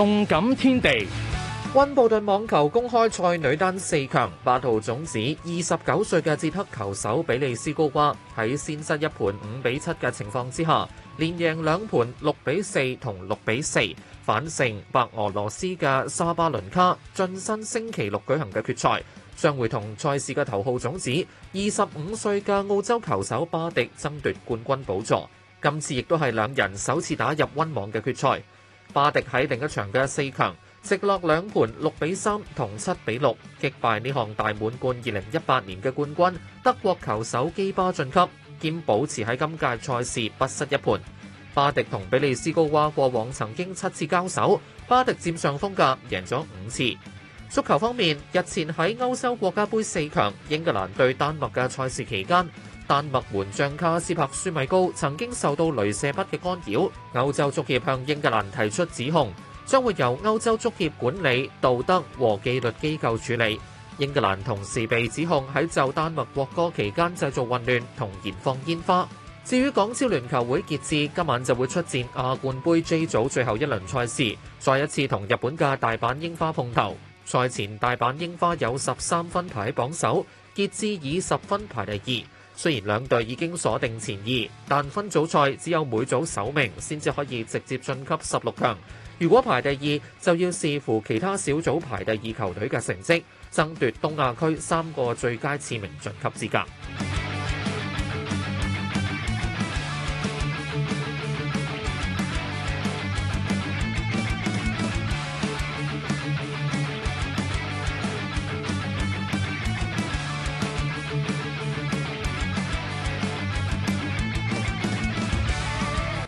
動感天地，溫布頓網球公開賽女單四強，八號種子、二十九歲嘅捷克球手比莉絲高娃喺先失一盤五比七嘅情況之下，連贏兩盤六比四同六比四，反勝白俄羅斯嘅莎芭倫卡，晉身星期六舉行嘅決賽。將會同賽事嘅頭號種子、二十五歲嘅澳洲球手芭迪爭奪冠軍寶座，今次亦都係兩人首次打入溫網嘅決賽。芭迪喺另一場嘅四強，直落兩盤六比三同七比六，擊敗呢項大滿貫二零一八年嘅冠軍，德國球手姬芭晉級，兼保持喺今屆賽事不失一盤。芭迪同比利絲高娃過往曾經七次交手，芭迪佔上風㗎，贏咗五次。足球方面，日前喺歐洲國家杯四強英格蘭對丹麥嘅賽事期間，丹麥門將卡斯珀·舒米高曾經受到鐳射筆嘅干擾，歐洲足協向英格蘭提出指控，將會由歐洲足協管理道德和紀律機構處理。英格蘭同時被指控喺就丹麥國歌期間製造混亂同燃放煙花。至於港超聯球會傑志今晚就會出戰亞冠杯 J 組最後一輪賽事，再一次同日本嘅大阪櫻花碰頭。賽前大阪櫻花有十三分排喺榜首，傑志以十分排第二。雖然兩隊已經鎖定前二，但分組賽只有每組首名先至可以直接晉級十六強。如果排第二，就要視乎其他小組排第二球隊嘅成績，爭奪東亞區三個最佳次名晉級資格。